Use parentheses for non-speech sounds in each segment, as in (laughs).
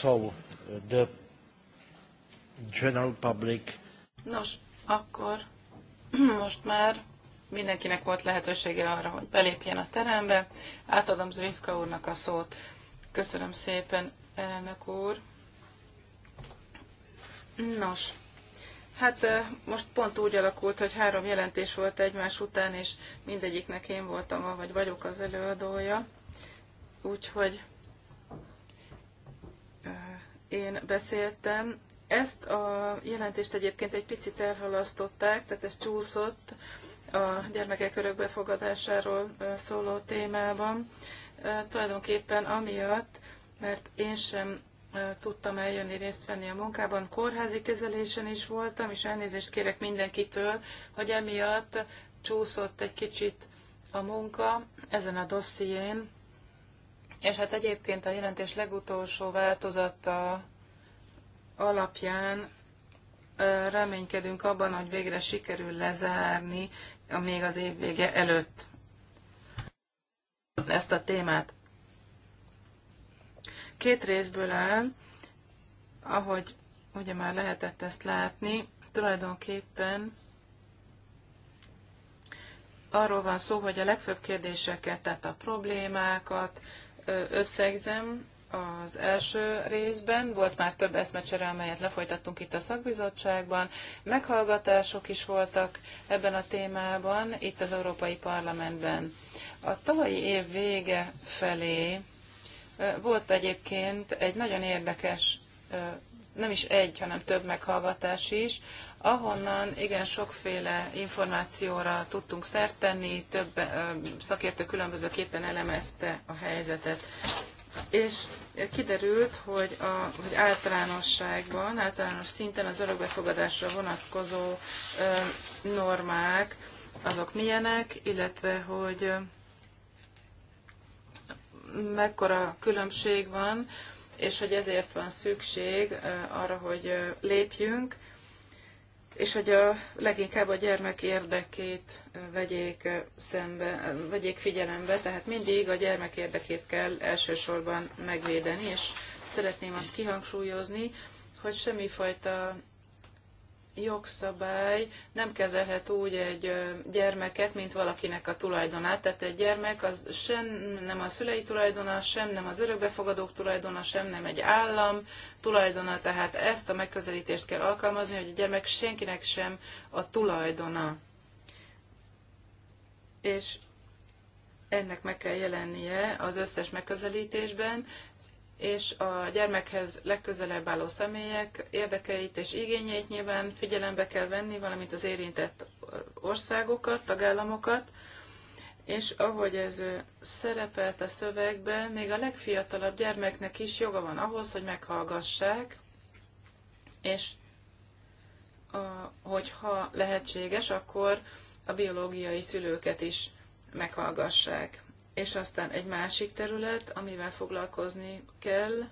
So, uh, the general public... Nos, akkor (clears throat) most már mindenkinek volt lehetősége arra, hogy belépjen a terembe. Átadom Zrivka úrnak a szót. Köszönöm szépen, elnök úr. Nos, hát most pont úgy alakult, hogy három jelentés volt egymás után, és mindegyiknek én voltam, vagy vagyok az előadója. Úgyhogy én beszéltem. Ezt a jelentést egyébként egy picit elhalasztották, tehát ez csúszott a gyermekek örökbefogadásáról szóló témában. Tulajdonképpen amiatt, mert én sem tudtam eljönni részt venni a munkában. Kórházi kezelésen is voltam, és elnézést kérek mindenkitől, hogy emiatt csúszott egy kicsit a munka ezen a dosszién, és hát egyébként a jelentés legutolsó változata alapján reménykedünk abban, hogy végre sikerül lezárni a még az év vége előtt ezt a témát. Két részből áll, ahogy ugye már lehetett ezt látni, tulajdonképpen arról van szó, hogy a legfőbb kérdéseket, tehát a problémákat, összegzem az első részben, volt már több eszmecsere, amelyet lefolytattunk itt a szakbizottságban, meghallgatások is voltak ebben a témában, itt az Európai Parlamentben. A tavalyi év vége felé volt egyébként egy nagyon érdekes nem is egy, hanem több meghallgatás is, ahonnan igen sokféle információra tudtunk szert tenni, több szakértő különbözőképpen elemezte a helyzetet. És kiderült, hogy, a, hogy általánosságban, általános szinten az örökbefogadásra vonatkozó ö, normák azok milyenek, illetve hogy mekkora különbség van és hogy ezért van szükség arra, hogy lépjünk, és hogy a, leginkább a gyermek érdekét vegyék, szembe, vegyék figyelembe, tehát mindig a gyermek érdekét kell elsősorban megvédeni, és szeretném azt kihangsúlyozni, hogy semmifajta jogszabály nem kezelhet úgy egy gyermeket, mint valakinek a tulajdonát. Tehát egy gyermek az sem nem a szülei tulajdona, sem nem az örökbefogadók tulajdona, sem nem egy állam tulajdona. Tehát ezt a megközelítést kell alkalmazni, hogy a gyermek senkinek sem a tulajdona. És ennek meg kell jelennie az összes megközelítésben, és a gyermekhez legközelebb álló személyek érdekeit és igényeit nyilván figyelembe kell venni, valamint az érintett országokat, tagállamokat, és ahogy ez szerepelt a szövegben, még a legfiatalabb gyermeknek is joga van ahhoz, hogy meghallgassák, és a, hogyha lehetséges, akkor a biológiai szülőket is meghallgassák. És aztán egy másik terület, amivel foglalkozni kell,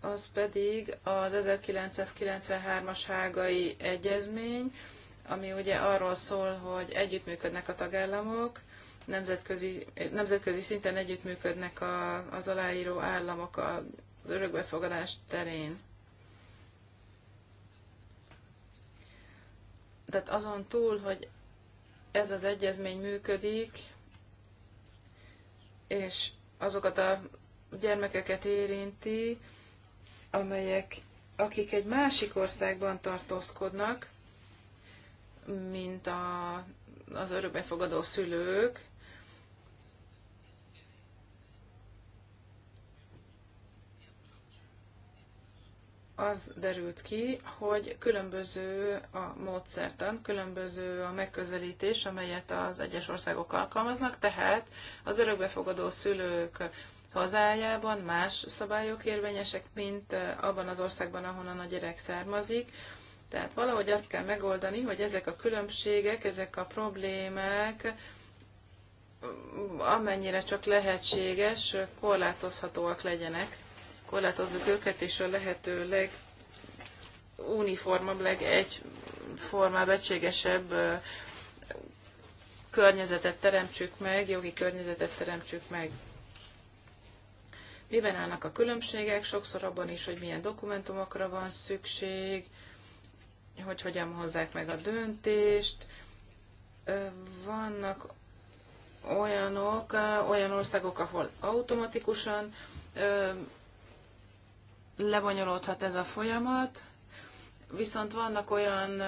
az pedig az 1993-as hágai egyezmény, ami ugye arról szól, hogy együttműködnek a tagállamok, nemzetközi, nemzetközi szinten együttműködnek a, az aláíró államok az örökbefogadás terén. Tehát azon túl, hogy ez az egyezmény működik, és azokat a gyermekeket érinti, amelyek, akik egy másik országban tartózkodnak, mint a, az örökbefogadó szülők, az derült ki, hogy különböző a módszertan, különböző a megközelítés, amelyet az egyes országok alkalmaznak, tehát az örökbefogadó szülők hazájában más szabályok érvényesek, mint abban az országban, ahonnan a gyerek származik. Tehát valahogy azt kell megoldani, hogy ezek a különbségek, ezek a problémák, amennyire csak lehetséges, korlátozhatóak legyenek korlátozzuk őket, és a lehető leguniformabb, legegyformább, egységesebb környezetet teremtsük meg, jogi környezetet teremtsük meg. Miben állnak a különbségek? Sokszor abban is, hogy milyen dokumentumokra van szükség, hogy hogyan hozzák meg a döntést. Vannak olyanok, olyan országok, ahol automatikusan lebonyolódhat ez a folyamat, viszont vannak olyan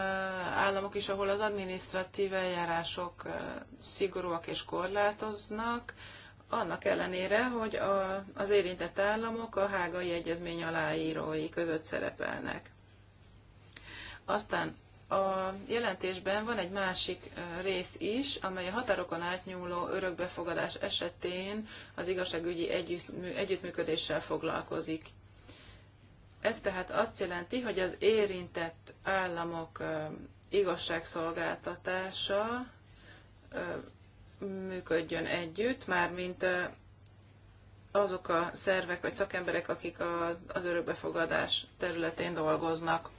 államok is, ahol az adminisztratív eljárások szigorúak és korlátoznak, annak ellenére, hogy a, az érintett államok a hágai egyezmény aláírói között szerepelnek. Aztán a jelentésben van egy másik rész is, amely a határokon átnyúló örökbefogadás esetén az igazságügyi együttműködéssel foglalkozik. Ez tehát azt jelenti, hogy az érintett államok igazságszolgáltatása működjön együtt, mármint azok a szervek vagy szakemberek, akik a, az örökbefogadás területén dolgoznak.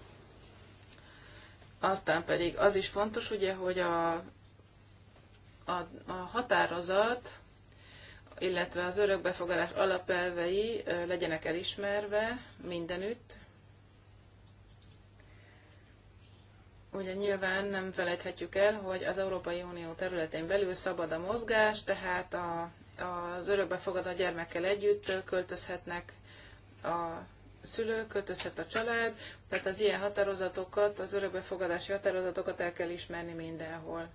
Aztán pedig az is fontos, ugye, hogy a, a, a határozat illetve az örökbefogadás alapelvei legyenek elismerve mindenütt. Ugye nyilván nem felejthetjük el, hogy az Európai Unió területén belül szabad a mozgás, tehát a, az örökbefogadó gyermekkel együtt költözhetnek a szülő, költözhet a család, tehát az ilyen határozatokat, az örökbefogadási határozatokat el kell ismerni mindenhol.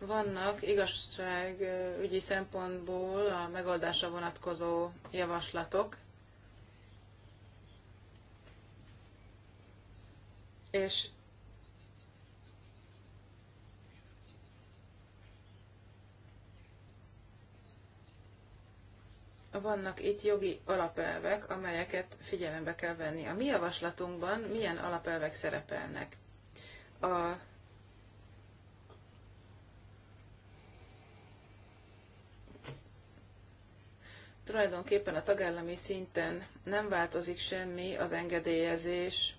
Vannak igazságügyi szempontból a megoldásra vonatkozó javaslatok, és vannak itt jogi alapelvek, amelyeket figyelembe kell venni. A mi javaslatunkban milyen alapelvek szerepelnek? A Tulajdonképpen a tagállami szinten nem változik semmi az engedélyezés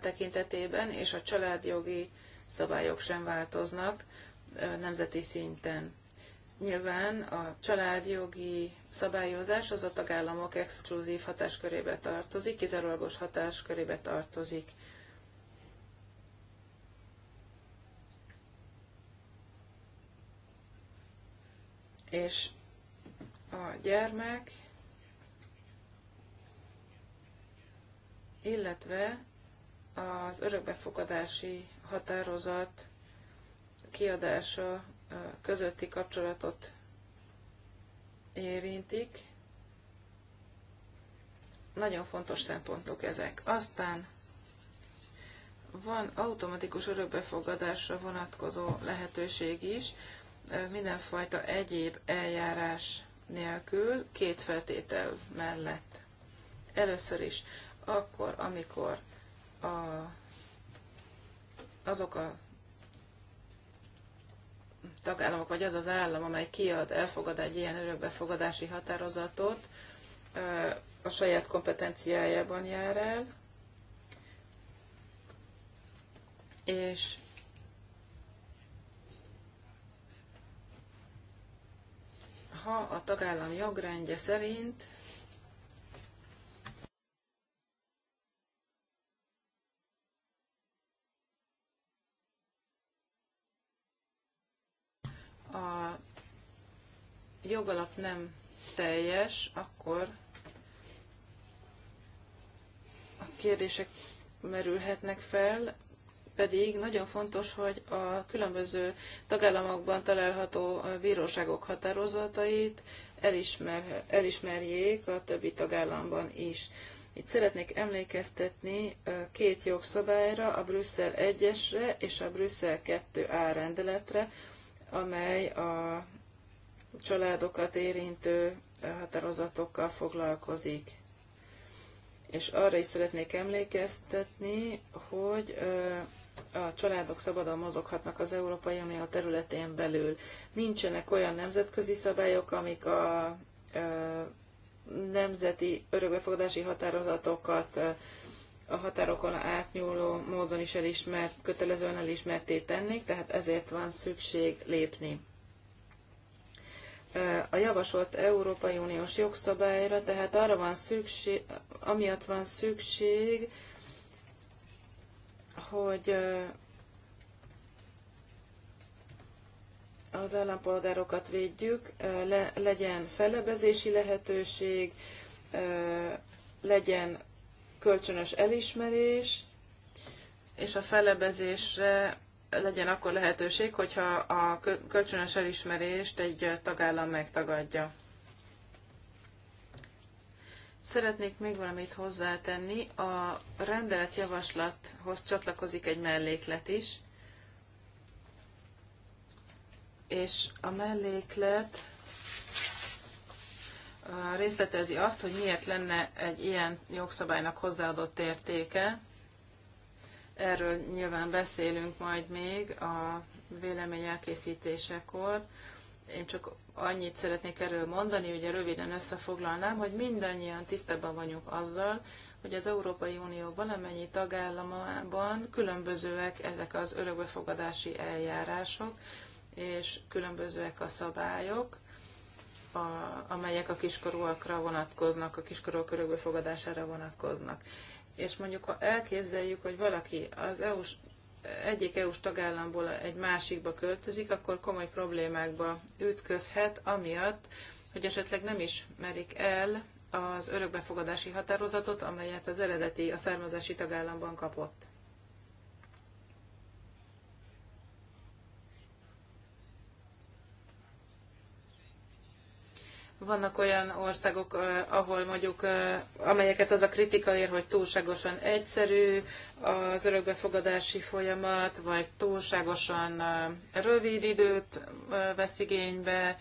tekintetében, és a családjogi szabályok sem változnak nemzeti szinten. Nyilván a családjogi szabályozás az a tagállamok exkluzív hatáskörébe tartozik, kizárólagos hatáskörébe tartozik. És a gyermek, illetve az örökbefogadási határozat kiadása közötti kapcsolatot érintik. Nagyon fontos szempontok ezek. Aztán van automatikus örökbefogadásra vonatkozó lehetőség is, mindenfajta egyéb eljárás nélkül két feltétel mellett. Először is akkor, amikor a, azok a tagállamok, vagy az az állam, amely kiad, elfogad egy ilyen örökbefogadási határozatot, a saját kompetenciájában jár el, és ha a tagállam jogrendje szerint a jogalap nem teljes, akkor a kérdések merülhetnek fel, pedig nagyon fontos, hogy a különböző tagállamokban található bíróságok határozatait elismer, elismerjék a többi tagállamban is. Itt szeretnék emlékeztetni két jogszabályra, a Brüsszel 1-esre és a Brüsszel 2A rendeletre, amely a családokat érintő határozatokkal foglalkozik. És arra is szeretnék emlékeztetni, hogy a családok szabadon mozoghatnak az Európai Unió területén belül. Nincsenek olyan nemzetközi szabályok, amik a nemzeti örökbefogadási határozatokat a határokon átnyúló módon is elismert, kötelezően elismerté tennék, tehát ezért van szükség lépni. A javasolt Európai Uniós jogszabályra, tehát arra van szükség, amiatt van szükség, hogy az állampolgárokat védjük, le, legyen fellebezési lehetőség, legyen kölcsönös elismerés, és a fellebezésre legyen akkor lehetőség, hogyha a kölcsönös elismerést egy tagállam megtagadja. Szeretnék még valamit hozzátenni. A rendeletjavaslathoz csatlakozik egy melléklet is, és a melléklet részletezi azt, hogy miért lenne egy ilyen jogszabálynak hozzáadott értéke. Erről nyilván beszélünk majd még a vélemény elkészítésekor. Én csak annyit szeretnék erről mondani, ugye röviden összefoglalnám, hogy mindannyian tisztában vagyunk azzal, hogy az Európai Unió valamennyi tagállamában különbözőek ezek az örökbefogadási eljárások, és különbözőek a szabályok, a, amelyek a kiskorúakra vonatkoznak, a kiskorúak örökbefogadására vonatkoznak. És mondjuk, ha elképzeljük, hogy valaki az EU-s egyik EU-s tagállamból egy másikba költözik, akkor komoly problémákba ütközhet, amiatt, hogy esetleg nem ismerik el az örökbefogadási határozatot, amelyet az eredeti, a származási tagállamban kapott. Vannak olyan országok, ahol mondjuk, amelyeket az a kritika ér, hogy túlságosan egyszerű az örökbefogadási folyamat, vagy túlságosan rövid időt vesz igénybe,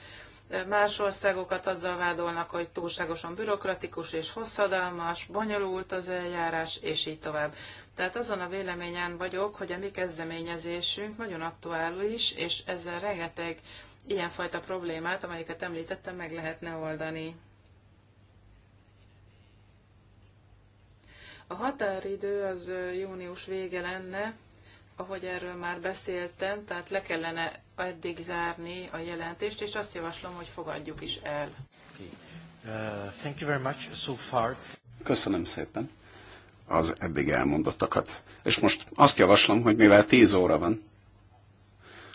Más országokat azzal vádolnak, hogy túlságosan bürokratikus és hosszadalmas, bonyolult az eljárás, és így tovább. Tehát azon a véleményen vagyok, hogy a mi kezdeményezésünk nagyon aktuális, és ezzel rengeteg ilyenfajta problémát, amelyeket említettem, meg lehetne oldani. A határidő az június vége lenne, ahogy erről már beszéltem, tehát le kellene eddig zárni a jelentést, és azt javaslom, hogy fogadjuk is el. Okay. Uh, thank you very much so far. Köszönöm szépen az eddig elmondottakat. És most azt javaslom, hogy mivel 10 óra van,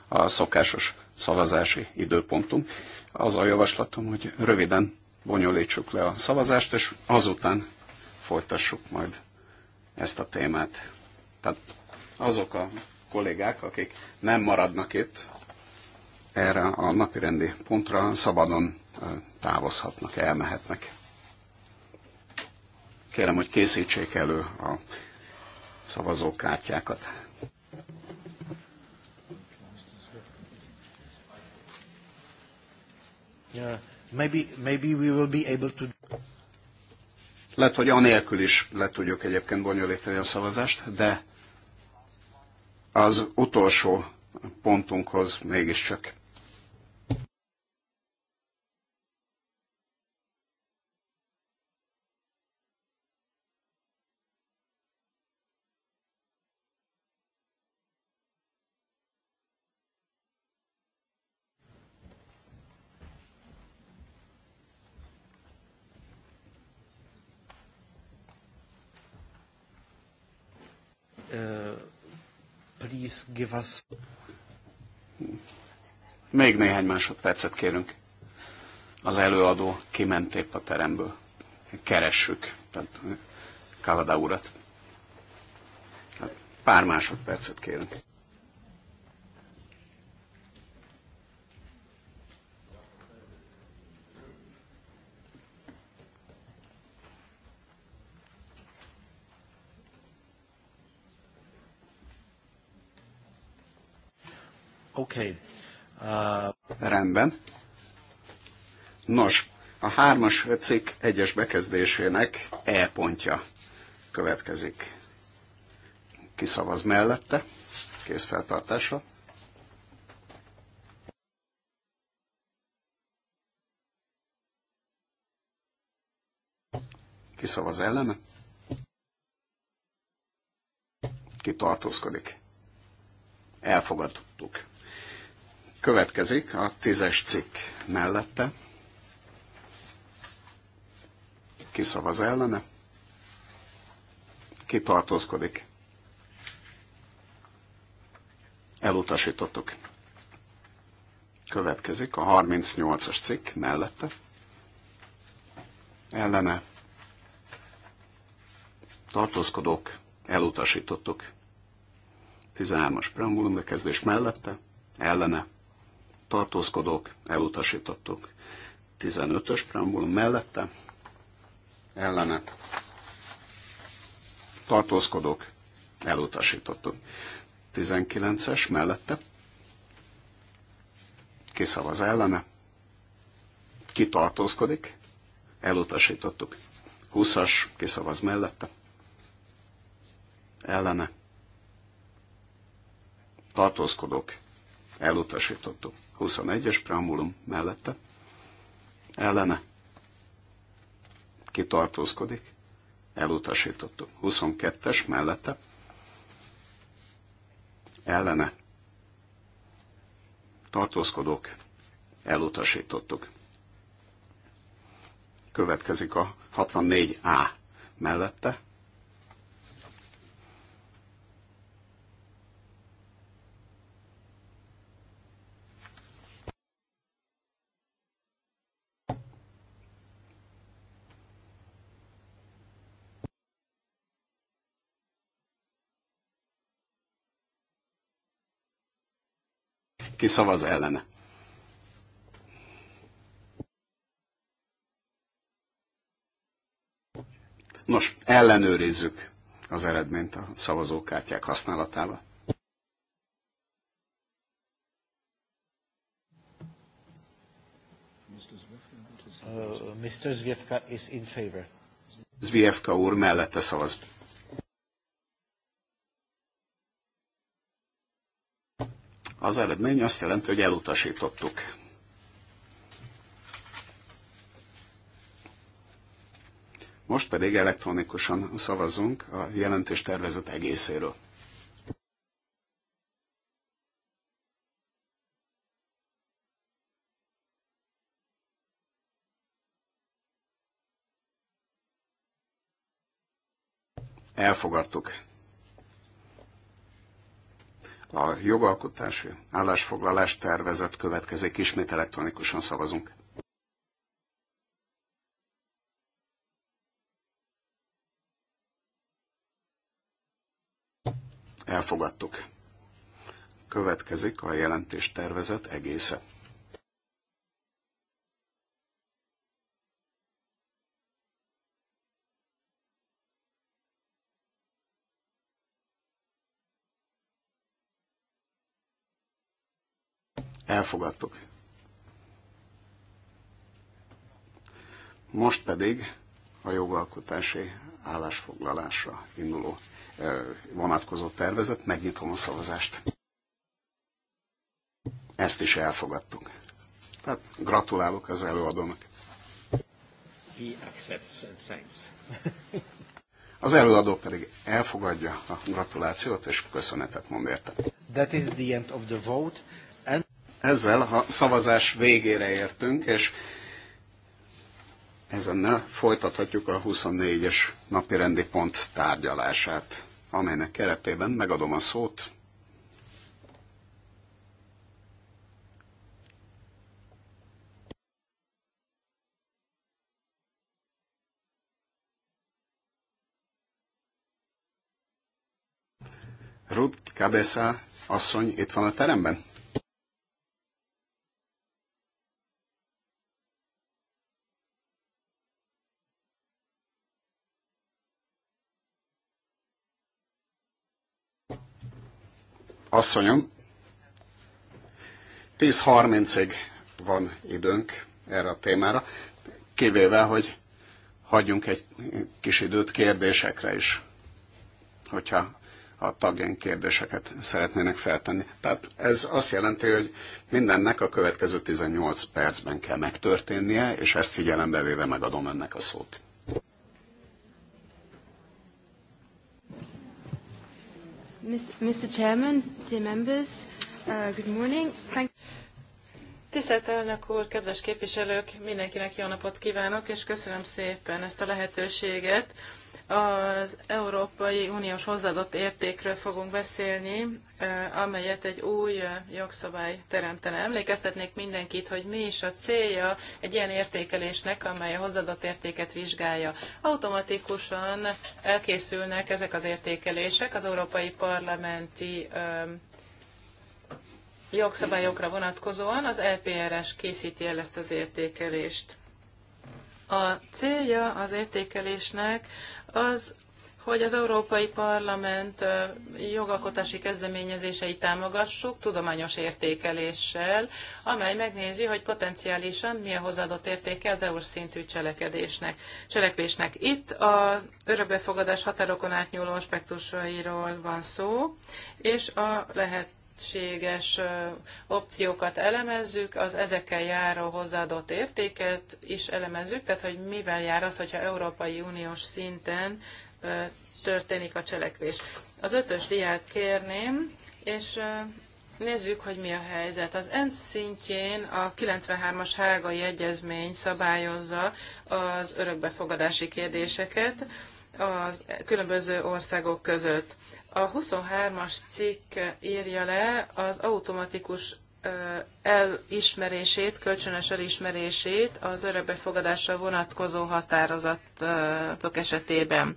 a szokásos szavazási időpontunk. Az a javaslatom, hogy röviden bonyolítsuk le a szavazást, és azután folytassuk majd ezt a témát. Tehát azok a kollégák, akik nem maradnak itt erre a napirendi pontra, szabadon távozhatnak, elmehetnek. Kérem, hogy készítsék elő a szavazókártyákat. Maybe, maybe we will be able to... Lehet, hogy anélkül is le tudjuk egyébként bonyolítani a szavazást, de az utolsó pontunkhoz mégiscsak give us... Még néhány másodpercet kérünk. Az előadó kiment épp a teremből. Keressük, tehát Kavada urat. Hát, pár másodpercet kérünk. Okay. Uh... Rendben. Nos, a hármas cikk egyes bekezdésének E pontja következik. Kiszavaz mellette, feltartása. Kiszavaz ellene. Ki tartózkodik. Elfogadtuk. Következik a tízes cikk mellette. szavaz ellene. tartózkodik? Elutasítottuk. Következik a 38-as cikk mellette. Ellene. Tartózkodók. Elutasítottuk. 13-as preambulum bekezdés mellette. Ellene tartózkodók, elutasítottuk. 15-ös preambulum mellette, ellene, tartózkodók, elutasítottuk. 19-es mellette, kiszavaz ellene, kitartózkodik, elutasítottuk. 20-as kiszavaz mellette, ellene, tartózkodók, elutasítottuk. 21-es preambulum mellette ellene kitartózkodik, elutasítottuk. 22-es mellette ellene tartózkodók, elutasítottuk. Következik a 64A mellette Ki szavaz ellene? Nos, ellenőrizzük az eredményt a szavazókártyák használatával. Uh, Mr. Zvievka is in favor. Zvievka úr mellette szavaz. Az eredmény azt jelenti, hogy elutasítottuk. Most pedig elektronikusan szavazunk a jelentés tervezet egészéről. Elfogadtuk. A jogalkotási állásfoglalás tervezet következik, ismét elektronikusan szavazunk. Elfogadtuk. Következik a jelentés tervezet egésze. Elfogadtuk. Most pedig a jogalkotási állásfoglalásra induló vonatkozó tervezet, megnyitom a szavazást. Ezt is elfogadtuk. Tehát gratulálok az előadónak. He accepts and thanks. (laughs) Az előadó pedig elfogadja a gratulációt és köszönetet mond érte. That is the end of the vote. Ezzel a szavazás végére értünk, és ezennel folytathatjuk a 24-es napi rendi pont tárgyalását, amelynek keretében megadom a szót Ruth Cabeza asszony itt van a teremben? asszonyom. 10.30-ig van időnk erre a témára, kivéve, hogy hagyjunk egy kis időt kérdésekre is, hogyha a tagjaink kérdéseket szeretnének feltenni. Tehát ez azt jelenti, hogy mindennek a következő 18 percben kell megtörténnie, és ezt figyelembe véve megadom önnek a szót. Mr. Chairman, dear members, uh, good morning. Thank Tisztelt elnök úr, kedves képviselők, mindenkinek jó napot kívánok, és köszönöm szépen ezt a lehetőséget, az Európai Uniós hozzáadott értékről fogunk beszélni, amelyet egy új jogszabály teremtene. Emlékeztetnék mindenkit, hogy mi is a célja egy ilyen értékelésnek, amely a hozzáadott értéket vizsgálja. Automatikusan elkészülnek ezek az értékelések az Európai Parlamenti jogszabályokra vonatkozóan, az EPRS készíti el ezt az értékelést. A célja az értékelésnek az, hogy az Európai Parlament jogalkotási kezdeményezéseit támogassuk tudományos értékeléssel, amely megnézi, hogy potenciálisan mi a hozzáadott értéke az EU szintű cselekedésnek, cselekvésnek. Itt az örökbefogadás határokon átnyúló aspektusairól van szó, és a lehet lehetséges opciókat elemezzük, az ezekkel járó hozzáadott értéket is elemezzük, tehát hogy mivel jár az, hogyha Európai Uniós szinten történik a cselekvés. Az ötös diát kérném, és nézzük, hogy mi a helyzet. Az ENSZ szintjén a 93-as hágai egyezmény szabályozza az örökbefogadási kérdéseket, a különböző országok között. A 23-as cikk írja le az automatikus elismerését, kölcsönös elismerését az örökbefogadásra vonatkozó határozatok esetében.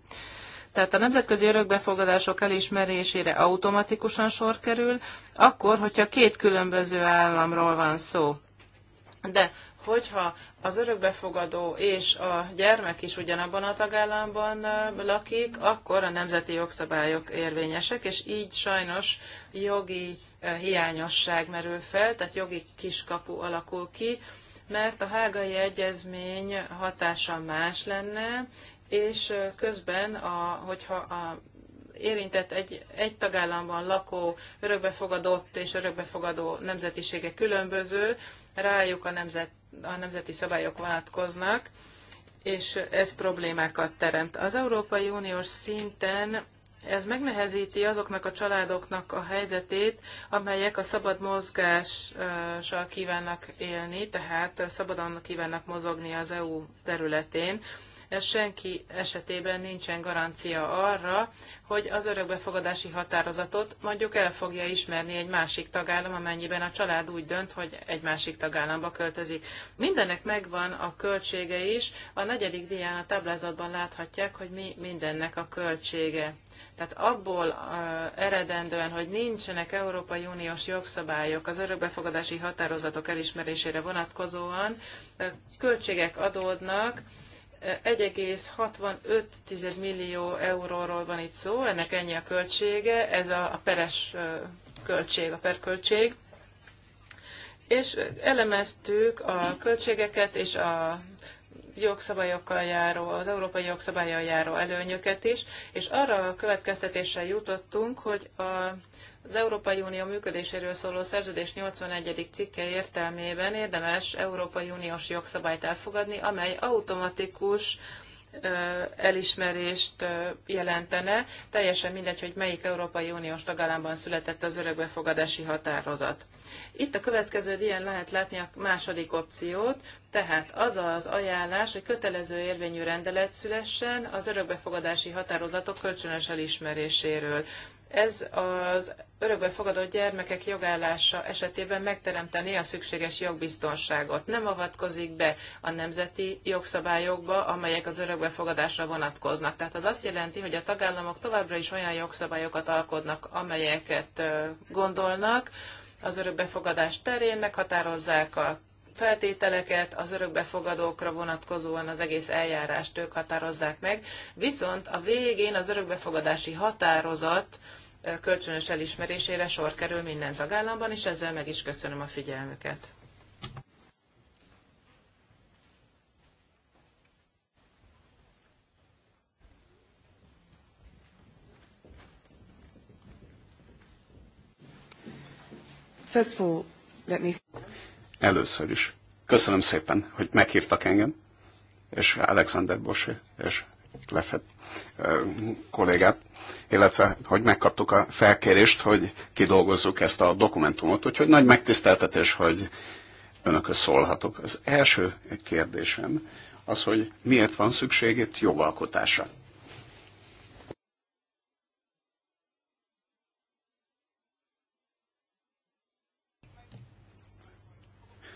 Tehát a nemzetközi örökbefogadások elismerésére automatikusan sor kerül, akkor, hogyha két különböző államról van szó. De hogyha az örökbefogadó és a gyermek is ugyanabban a tagállamban lakik, akkor a nemzeti jogszabályok érvényesek, és így sajnos jogi hiányosság merül fel, tehát jogi kiskapu alakul ki, mert a hágai egyezmény hatása más lenne, és közben, a, hogyha a érintett egy, egy tagállamban lakó örökbefogadott és örökbefogadó nemzetisége különböző, rájuk a, nemzet, a nemzeti szabályok vonatkoznak, és ez problémákat teremt. Az Európai Uniós szinten ez megnehezíti azoknak a családoknak a helyzetét, amelyek a szabad mozgással kívánnak élni, tehát szabadon kívánnak mozogni az EU területén, senki esetében nincsen garancia arra, hogy az örökbefogadási határozatot mondjuk el fogja ismerni egy másik tagállam, amennyiben a család úgy dönt, hogy egy másik tagállamba költözik. Mindennek megvan a költsége is. A negyedik dián a táblázatban láthatják, hogy mi mindennek a költsége. Tehát abból uh, eredendően, hogy nincsenek Európai Uniós jogszabályok az örökbefogadási határozatok elismerésére vonatkozóan, költségek adódnak, 1,65 millió euróról van itt szó, ennek ennyi a költsége, ez a, peres költség, a perköltség. És elemeztük a költségeket és a jogszabályokkal járó, az európai jogszabályokkal járó előnyöket is, és arra a következtetésre jutottunk, hogy a az Európai Unió működéséről szóló szerződés 81. cikke értelmében érdemes Európai Uniós jogszabályt elfogadni, amely automatikus elismerést jelentene, teljesen mindegy, hogy melyik Európai Uniós tagállamban született az örökbefogadási határozat. Itt a következő ilyen lehet látni a második opciót, tehát az az ajánlás, hogy kötelező érvényű rendelet szülessen az örökbefogadási határozatok kölcsönös elismeréséről. Ez az örökbe fogadott gyermekek jogállása esetében megteremteni a szükséges jogbiztonságot. Nem avatkozik be a nemzeti jogszabályokba, amelyek az örökbefogadásra vonatkoznak. Tehát az azt jelenti, hogy a tagállamok továbbra is olyan jogszabályokat alkodnak, amelyeket gondolnak, az örökbefogadás terén meghatározzák a feltételeket, az örökbefogadókra vonatkozóan az egész eljárást ők határozzák meg, viszont a végén az örökbefogadási határozat kölcsönös elismerésére sor kerül minden tagállamban, és ezzel meg is köszönöm a figyelmüket. Először is. Köszönöm szépen, hogy meghívtak engem, és Alexander Bosé, és Lefett kollégát, illetve hogy megkaptuk a felkérést, hogy kidolgozzuk ezt a dokumentumot, úgyhogy nagy megtiszteltetés, hogy önökhöz szólhatok. Az első kérdésem az, hogy miért van szükség itt jogalkotásra.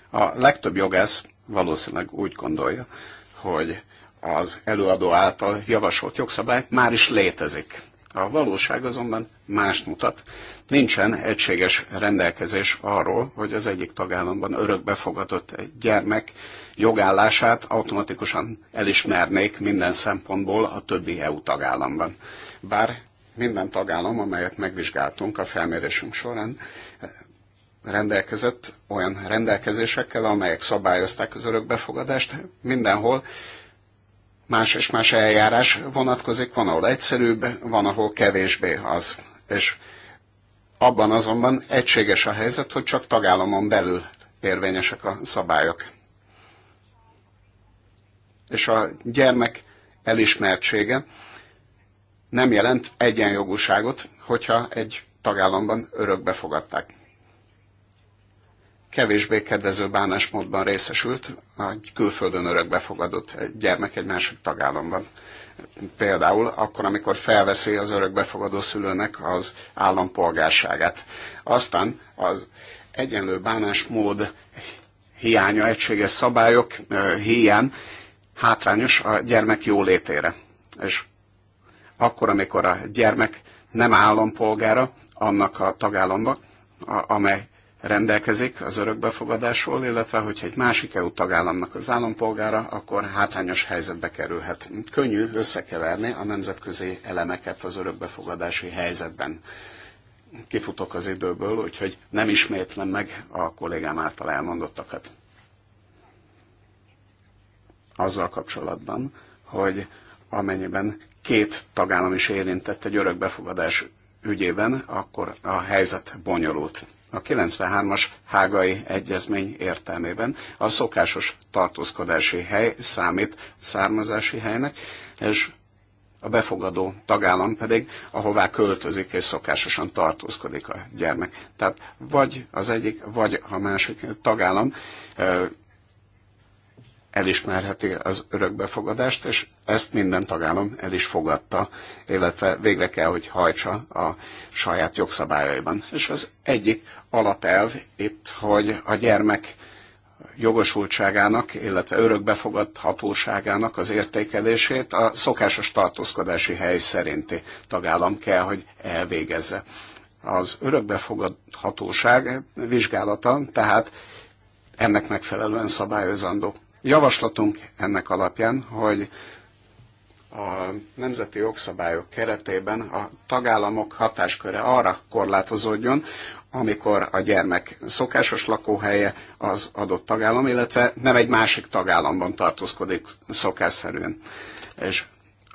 A legtöbb jogász valószínűleg úgy gondolja, hogy az előadó által javasolt jogszabály már is létezik. A valóság azonban mást mutat. Nincsen egységes rendelkezés arról, hogy az egyik tagállamban örökbefogadott gyermek jogállását automatikusan elismernék minden szempontból a többi EU tagállamban. Bár minden tagállam, amelyet megvizsgáltunk a felmérésünk során, rendelkezett olyan rendelkezésekkel, amelyek szabályozták az örökbefogadást, mindenhol más és más eljárás vonatkozik, van ahol egyszerűbb, van ahol kevésbé az. És abban azonban egységes a helyzet, hogy csak tagállamon belül érvényesek a szabályok. És a gyermek elismertsége nem jelent egyenjogúságot, hogyha egy tagállamban örökbe fogadták kevésbé kedvező bánásmódban részesült a külföldön örökbefogadott gyermek egy másik tagállamban. Például akkor, amikor felveszi az örökbefogadó szülőnek az állampolgárságát. Aztán az egyenlő bánásmód hiánya, egységes szabályok hiány hátrányos a gyermek jólétére. És akkor, amikor a gyermek nem állampolgára annak a tagállamba, amely rendelkezik az örökbefogadásról, illetve hogyha egy másik EU tagállamnak az állampolgára, akkor hátrányos helyzetbe kerülhet. Könnyű összekeverni a nemzetközi elemeket az örökbefogadási helyzetben. Kifutok az időből, úgyhogy nem ismétlem meg a kollégám által elmondottakat. Azzal kapcsolatban, hogy amennyiben két tagállam is érintett egy örökbefogadás ügyében, akkor a helyzet bonyolult a 93-as hágai egyezmény értelmében a szokásos tartózkodási hely számít származási helynek, és a befogadó tagállam pedig, ahová költözik és szokásosan tartózkodik a gyermek. Tehát vagy az egyik, vagy a másik tagállam elismerheti az örökbefogadást, és ezt minden tagállam el is fogadta, illetve végre kell, hogy hajtsa a saját jogszabályaiban. És az egyik alapelv itt, hogy a gyermek jogosultságának, illetve örökbefogadhatóságának az értékelését a szokásos tartózkodási hely szerinti tagállam kell, hogy elvégezze. Az örökbefogadhatóság vizsgálata tehát ennek megfelelően szabályozandó. Javaslatunk ennek alapján, hogy a nemzeti jogszabályok keretében a tagállamok hatásköre arra korlátozódjon, amikor a gyermek szokásos lakóhelye az adott tagállam, illetve nem egy másik tagállamban tartózkodik szokásszerűen. És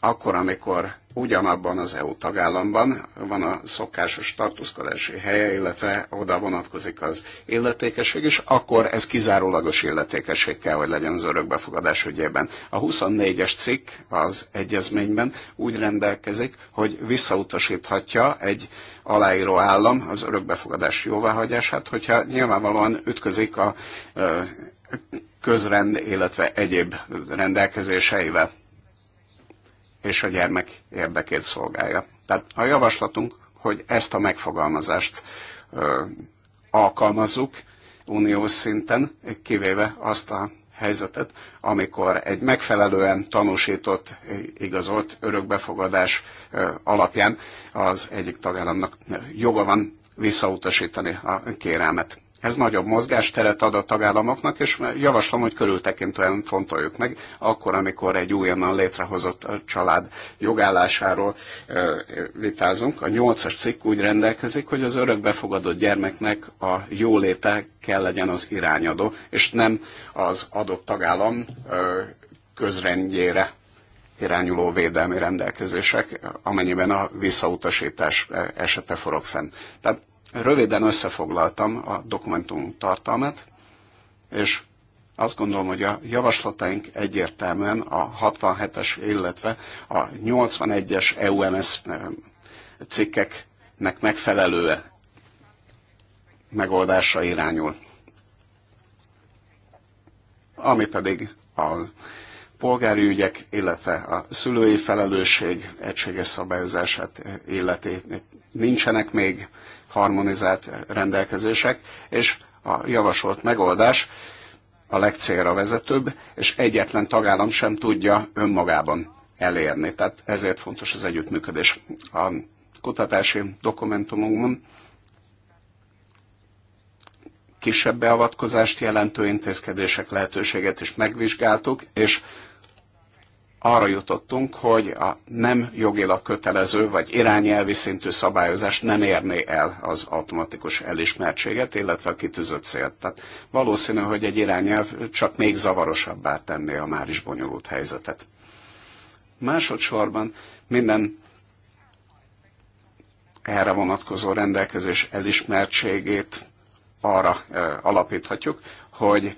akkor, amikor ugyanabban az EU tagállamban van a szokásos tartózkodási helye, illetve oda vonatkozik az illetékesség, és akkor ez kizárólagos illetékesség kell, hogy legyen az örökbefogadás ügyében. A 24-es cikk az egyezményben úgy rendelkezik, hogy visszautasíthatja egy aláíró állam az örökbefogadás jóváhagyását, hogyha nyilvánvalóan ütközik a közrend, illetve egyéb rendelkezéseivel és a gyermek érdekét szolgálja. Tehát a javaslatunk, hogy ezt a megfogalmazást ö, alkalmazzuk uniós szinten, kivéve azt a helyzetet, amikor egy megfelelően tanúsított, igazolt örökbefogadás alapján az egyik tagállamnak joga van visszautasítani a kérelmet. Ez nagyobb mozgásteret ad a tagállamoknak, és javaslom, hogy körültekintően fontoljuk meg, akkor, amikor egy újonnan létrehozott család jogállásáról vitázunk. A nyolcas cikk úgy rendelkezik, hogy az örökbefogadott gyermeknek a jóléte kell legyen az irányadó, és nem az adott tagállam közrendjére irányuló védelmi rendelkezések, amennyiben a visszautasítás esete forog fenn. Tehát Röviden összefoglaltam a dokumentum tartalmát, és azt gondolom, hogy a javaslataink egyértelműen a 67-es, illetve a 81-es EUMS eh, cikkeknek megfelelő megoldásra irányul. Ami pedig a polgári ügyek, illetve a szülői felelősség egységes szabályozását eh, illeti. Nincsenek még harmonizált rendelkezések, és a javasolt megoldás a legcélra vezetőbb, és egyetlen tagállam sem tudja önmagában elérni. Tehát ezért fontos az együttműködés. A kutatási dokumentumunkban kisebb beavatkozást jelentő intézkedések lehetőséget is megvizsgáltuk, és arra jutottunk, hogy a nem jogilag kötelező vagy irányelvi szintű szabályozás nem érné el az automatikus elismertséget, illetve a kitűzött célt. Tehát valószínű, hogy egy irányelv csak még zavarosabbá tenné a már is bonyolult helyzetet. Másodszorban minden erre vonatkozó rendelkezés elismertségét arra alapíthatjuk, hogy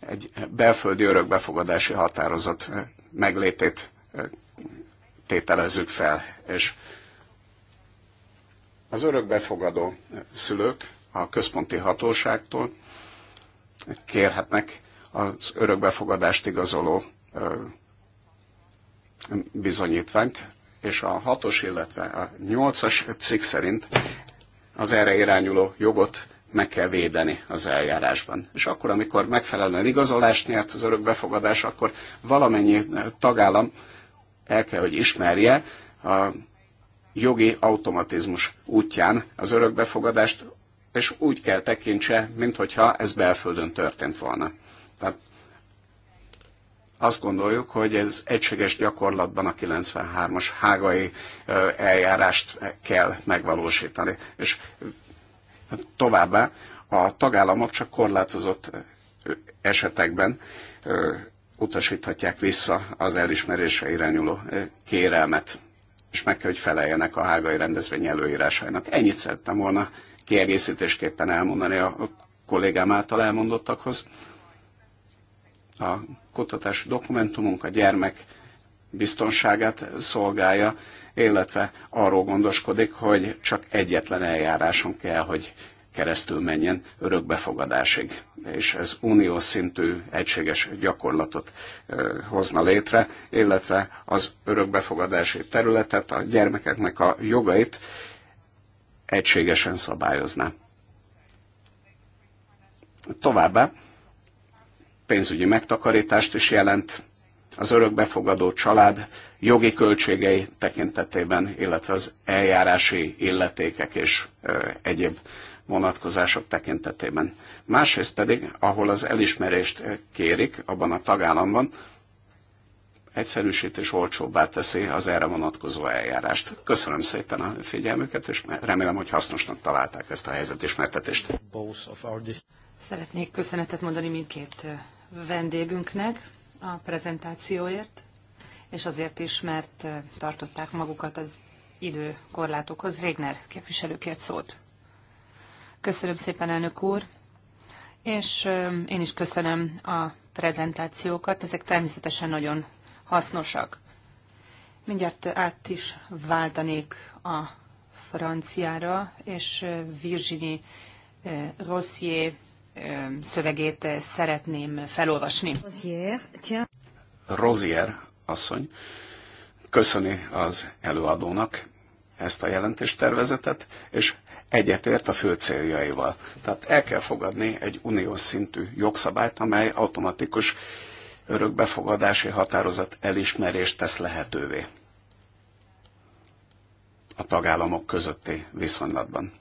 egy belföldi örökbefogadási határozat meglétét tételezzük fel, és az örökbefogadó szülők a központi hatóságtól kérhetnek az örökbefogadást igazoló bizonyítványt, és a hatos, illetve a nyolcas cikk szerint az erre irányuló jogot meg kell védeni az eljárásban. És akkor, amikor megfelelően igazolást nyert az örökbefogadás, akkor valamennyi eh, tagállam el kell, hogy ismerje a jogi automatizmus útján az örökbefogadást, és úgy kell tekintse, mintha ez belföldön történt volna. Tehát azt gondoljuk, hogy ez egységes gyakorlatban a 93-as hágai eh, eljárást kell megvalósítani. És Továbbá a tagállamok csak korlátozott esetekben utasíthatják vissza az elismerésre irányuló kérelmet, és meg kell, hogy feleljenek a hágai rendezvény előírásainak. Ennyit szerettem volna kiegészítésképpen elmondani a kollégám által elmondottakhoz. A kutatási dokumentumunk a gyermek biztonságát szolgálja, illetve arról gondoskodik, hogy csak egyetlen eljáráson kell, hogy keresztül menjen örökbefogadásig. És ez uniós szintű egységes gyakorlatot hozna létre, illetve az örökbefogadási területet, a gyermekeknek a jogait egységesen szabályozná. Továbbá pénzügyi megtakarítást is jelent az örökbefogadó család jogi költségei tekintetében, illetve az eljárási illetékek és egyéb vonatkozások tekintetében. Másrészt pedig, ahol az elismerést kérik, abban a tagállamban egyszerűsít és olcsóbbá teszi az erre vonatkozó eljárást. Köszönöm szépen a figyelmüket, és remélem, hogy hasznosnak találták ezt a helyzetismertetést. Szeretnék köszönetet mondani mindkét vendégünknek a prezentációért, és azért is, mert tartották magukat az időkorlátokhoz. Régner képviselőkért szót. Köszönöm szépen, elnök úr, és én is köszönöm a prezentációkat. Ezek természetesen nagyon hasznosak. Mindjárt át is váltanék a franciára, és Virginie Rossier szövegét szeretném felolvasni. Rozier asszony köszöni az előadónak ezt a jelentéstervezetet, és egyetért a fő céljaival. Tehát el kell fogadni egy uniós szintű jogszabályt, amely automatikus örökbefogadási határozat elismerést tesz lehetővé a tagállamok közötti viszonylatban.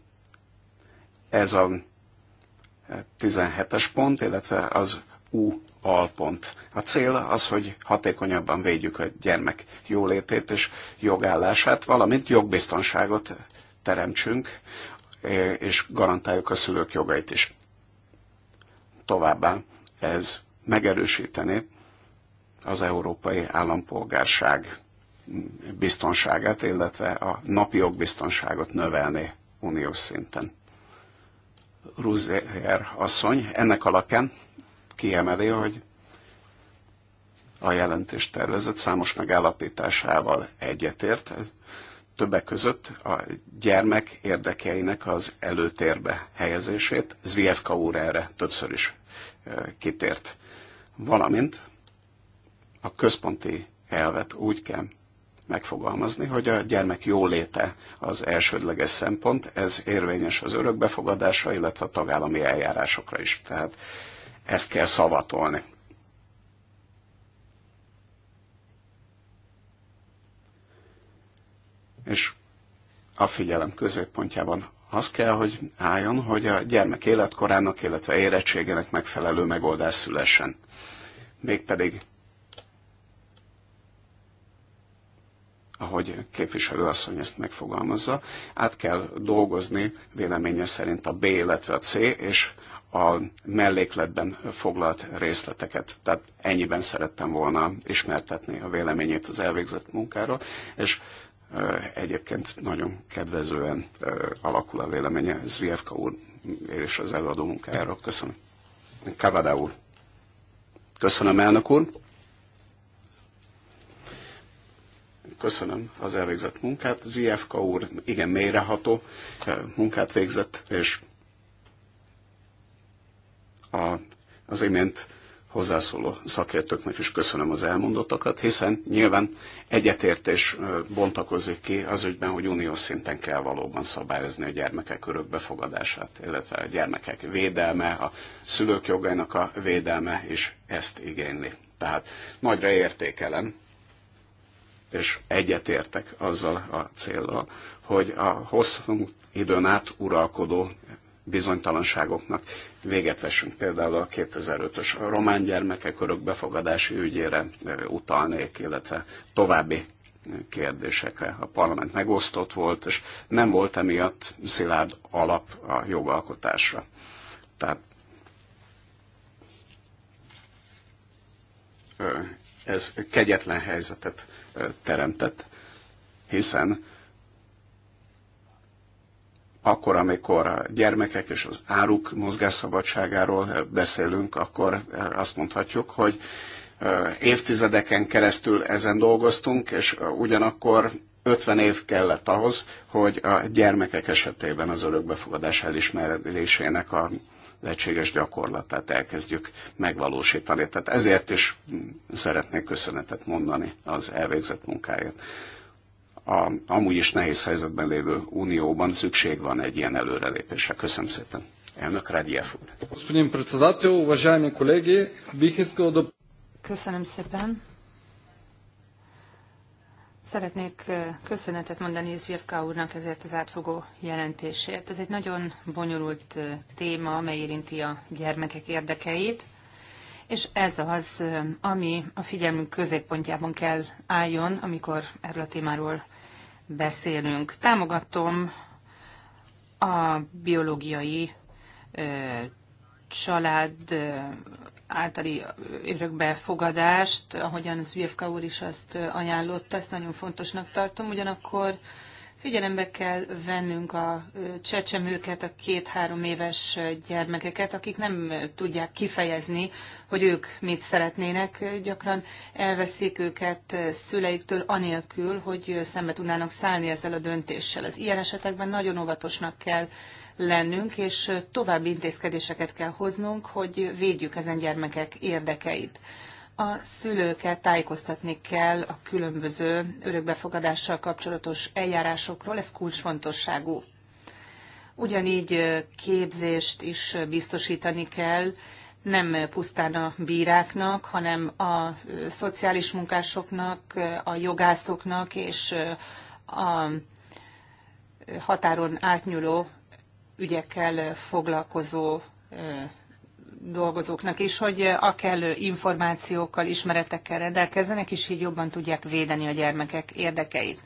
Ez a 17-es pont, illetve az U alpont. A cél az, hogy hatékonyabban védjük a gyermek jólétét és jogállását, valamint jogbiztonságot teremtsünk, eh, és garantáljuk a szülők jogait is. Továbbá ez megerősíteni az európai állampolgárság biztonságát, illetve a napi jogbiztonságot növelni uniós szinten. Ruzier asszony ennek alapján kiemeli, hogy a jelentés tervezet számos megállapításával egyetért, többek között a gyermek érdekeinek az előtérbe helyezését. Zvievka úr erre többször is kitért. Valamint a központi elvet úgy kell megfogalmazni, hogy a gyermek jóléte az elsődleges szempont, ez érvényes az örökbefogadásra, illetve a tagállami eljárásokra is. Tehát ezt kell szavatolni. És a figyelem középpontjában az kell, hogy álljon, hogy a gyermek életkorának, illetve érettségének megfelelő megoldás szülessen. Mégpedig ahogy asszony ezt megfogalmazza, át kell dolgozni véleménye szerint a B, illetve a C, és a mellékletben foglalt részleteket. Tehát ennyiben szerettem volna ismertetni a véleményét az elvégzett munkáról, és egyébként nagyon kedvezően alakul a véleménye Zvijevka úr és az előadó munkájáról. Köszönöm. Kavada úr. Köszönöm, elnök úr. Köszönöm az elvégzett munkát. Zsijevka úr igen mélyreható eh, munkát végzett, és a, az imént hozzászóló szakértőknek is köszönöm az elmondottakat, hiszen nyilván egyetértés eh, bontakozik ki az ügyben, hogy uniós szinten kell valóban szabályozni a gyermekek örökbefogadását, illetve a gyermekek védelme, a szülők jogainak a védelme is ezt igényli. Tehát nagyra értékelem és egyetértek azzal a célral, hogy a hosszú időn át uralkodó bizonytalanságoknak véget vessünk. Például a 2005-ös román gyermekek örökbefogadási ügyére utalnék, illetve további kérdésekre. A parlament megosztott volt, és nem volt emiatt szilárd alap a jogalkotásra. Tehát ez kegyetlen helyzetet teremtett, hiszen akkor, amikor a gyermekek és az áruk mozgásszabadságáról beszélünk, akkor eh, azt mondhatjuk, hogy eh, évtizedeken keresztül ezen dolgoztunk, és eh, ugyanakkor 50 év kellett ahhoz, hogy a gyermekek esetében az örökbefogadás elismerésének a lehetséges gyakorlatát elkezdjük megvalósítani. Tehát ezért is szeretnék köszönetet mondani az elvégzett munkáért. A, amúgy is nehéz helyzetben lévő unióban szükség van egy ilyen előrelépésre. Köszönöm szépen. Elnök Radjev úr. Köszönöm szépen. Szeretnék köszönetet mondani Zvjevka úrnak ezért az átfogó jelentésért. Ez egy nagyon bonyolult téma, amely érinti a gyermekek érdekeit, és ez az, ami a figyelmünk középpontjában kell álljon, amikor erről a témáról beszélünk. Támogatom a biológiai család általi örökbefogadást, ahogyan az UFK úr is azt ajánlotta, ezt nagyon fontosnak tartom, ugyanakkor figyelembe kell vennünk a csecsemőket, a két-három éves gyermekeket, akik nem tudják kifejezni, hogy ők mit szeretnének. Gyakran elveszik őket szüleiktől anélkül, hogy szembe tudnának szállni ezzel a döntéssel. Az ilyen esetekben nagyon óvatosnak kell lennünk, és további intézkedéseket kell hoznunk, hogy védjük ezen gyermekek érdekeit. A szülőket tájékoztatni kell a különböző örökbefogadással kapcsolatos eljárásokról, ez kulcsfontosságú. Ugyanígy képzést is biztosítani kell, nem pusztán a bíráknak, hanem a szociális munkásoknak, a jogászoknak és a határon átnyúló ügyekkel foglalkozó dolgozóknak is, hogy a kellő információkkal, ismeretekkel rendelkezzenek, és így jobban tudják védeni a gyermekek érdekeit.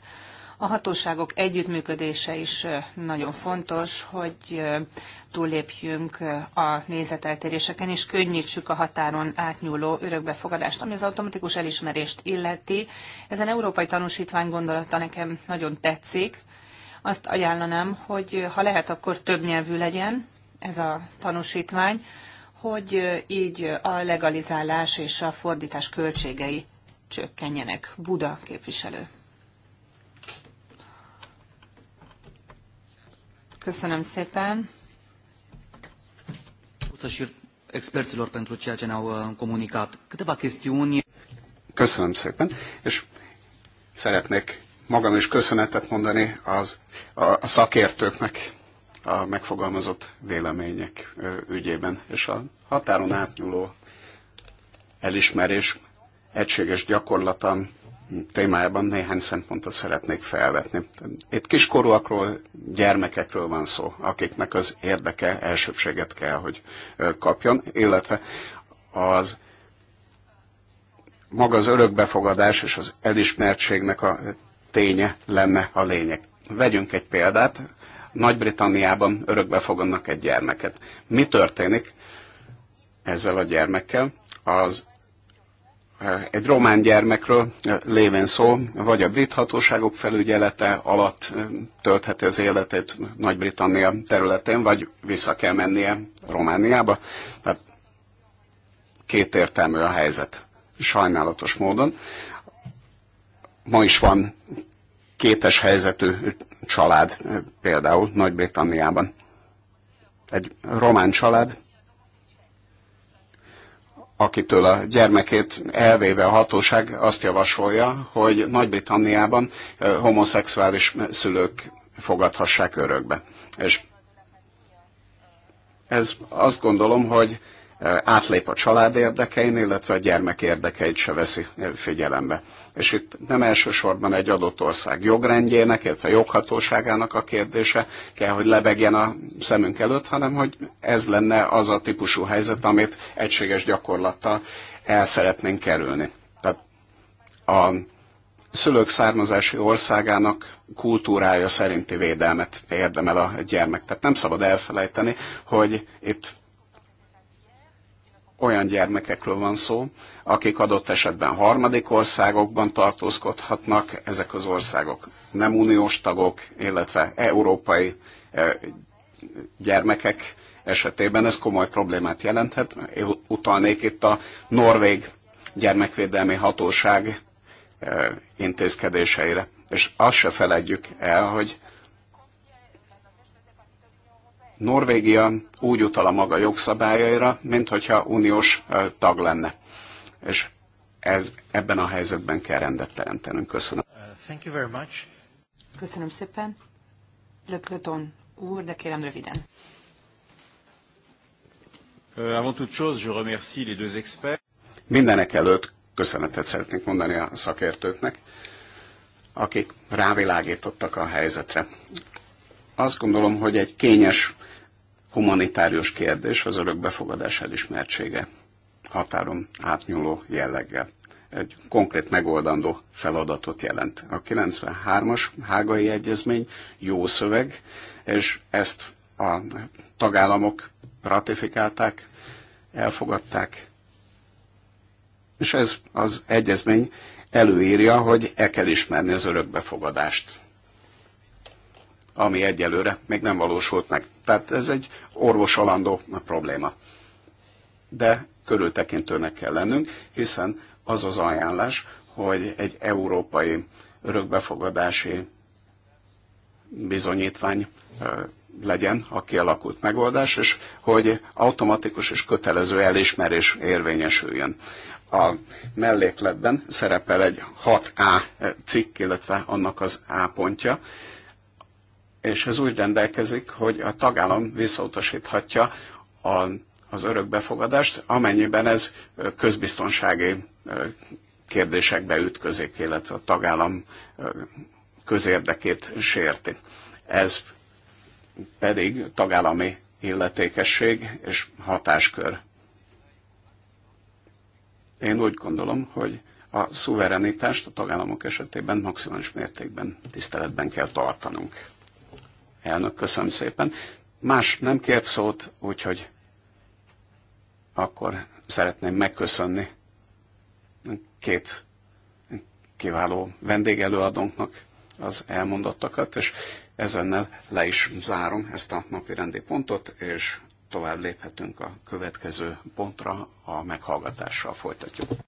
A hatóságok együttműködése is nagyon fontos, hogy túllépjünk a nézeteltéréseken, és könnyítsük a határon átnyúló örökbefogadást, ami az automatikus elismerést illeti. Ezen európai tanúsítvány gondolata nekem nagyon tetszik, azt ajánlanám, hogy eh, ha lehet, akkor több nyelvű legyen ez a tanúsítvány, hogy eh, így a legalizálás és a fordítás költségei csökkenjenek. Buda képviselő. Köszönöm szépen. Eh, Köszönöm szépen, és szeretnék magam is köszönetet mondani az, a, a szakértőknek a megfogalmazott vélemények ügyében, és a határon átnyúló elismerés egységes gyakorlata témájában néhány szempontot szeretnék felvetni. Itt kiskorúakról, gyermekekről van szó, akiknek az érdeke elsőbséget kell, hogy kapjon, illetve az maga az örökbefogadás és az elismertségnek a ténye lenne a lényeg. Vegyünk egy példát, Nagy-Britanniában örökbe fogadnak egy gyermeket. Mi történik ezzel a gyermekkel? Az eh, egy román gyermekről eh, lévén szó, vagy a brit hatóságok felügyelete alatt eh, töltheti az életét Nagy-Britannia területén, vagy vissza kell mennie Romániába. Tehát értelmű a helyzet, sajnálatos módon ma is van kétes helyzetű család, például Nagy-Britanniában. Egy román család, akitől a gyermekét elvéve a hatóság azt javasolja, hogy Nagy-Britanniában homoszexuális szülők fogadhassák örökbe. És ez azt gondolom, hogy Eh, átlép a család érdekein, illetve a gyermek érdekeit se veszi eh, figyelembe. És itt nem elsősorban egy adott ország jogrendjének, illetve joghatóságának a kérdése kell, hogy lebegjen a szemünk előtt, hanem hogy ez lenne az a típusú helyzet, amit egységes gyakorlattal el szeretnénk kerülni. Tehát a szülők származási országának kultúrája szerinti védelmet érdemel a gyermek. Tehát nem szabad elfelejteni, hogy itt olyan gyermekekről van szó, akik adott esetben harmadik országokban tartózkodhatnak, ezek az országok nem uniós tagok, illetve európai eh, gyermekek esetében ez komoly problémát jelenthet. Én utalnék itt a Norvég gyermekvédelmi hatóság eh, intézkedéseire. És azt se feledjük el, hogy Norvégia úgy utal a maga jogszabályaira, mint hogyha uniós tag lenne. És ez, ebben a helyzetben kell rendet teremtenünk. Köszönöm. Uh, thank you very much. Köszönöm szépen. Le Breton úr, de kérem röviden. Uh, avant toute chose, je remercie les deux experts. Mindenek előtt köszönetet szeretnék mondani a szakértőknek, akik rávilágítottak a helyzetre. Azt gondolom, hogy egy kényes humanitárius kérdés az örökbefogadás elismertsége határon átnyúló jelleggel. Egy konkrét megoldandó feladatot jelent. A 93-as hágai egyezmény jó szöveg, és ezt a tagállamok ratifikálták, elfogadták, és ez az egyezmény előírja, hogy el kell ismerni az örökbefogadást ami egyelőre még nem valósult meg. Tehát ez egy orvosalandó probléma. De körültekintőnek kell lennünk, hiszen az az ajánlás, hogy egy európai örökbefogadási bizonyítvány legyen a kialakult megoldás, és hogy automatikus és kötelező elismerés érvényesüljön. A mellékletben szerepel egy 6A cikk, illetve annak az A pontja, és ez úgy rendelkezik, hogy a tagállam visszautasíthatja a, az örökbefogadást, amennyiben ez közbiztonsági kérdésekbe ütközik, illetve a tagállam közérdekét sérti. Ez pedig tagállami illetékesség és hatáskör. Én úgy gondolom, hogy a szuverenitást a tagállamok esetében maximális mértékben tiszteletben kell tartanunk. Elnök, köszönöm szépen. Más nem kért szót, úgyhogy akkor szeretném megköszönni két kiváló vendégelőadónknak az elmondottakat, és ezennel le is zárom ezt a napi rendi pontot, és tovább léphetünk a következő pontra, a meghallgatással folytatjuk.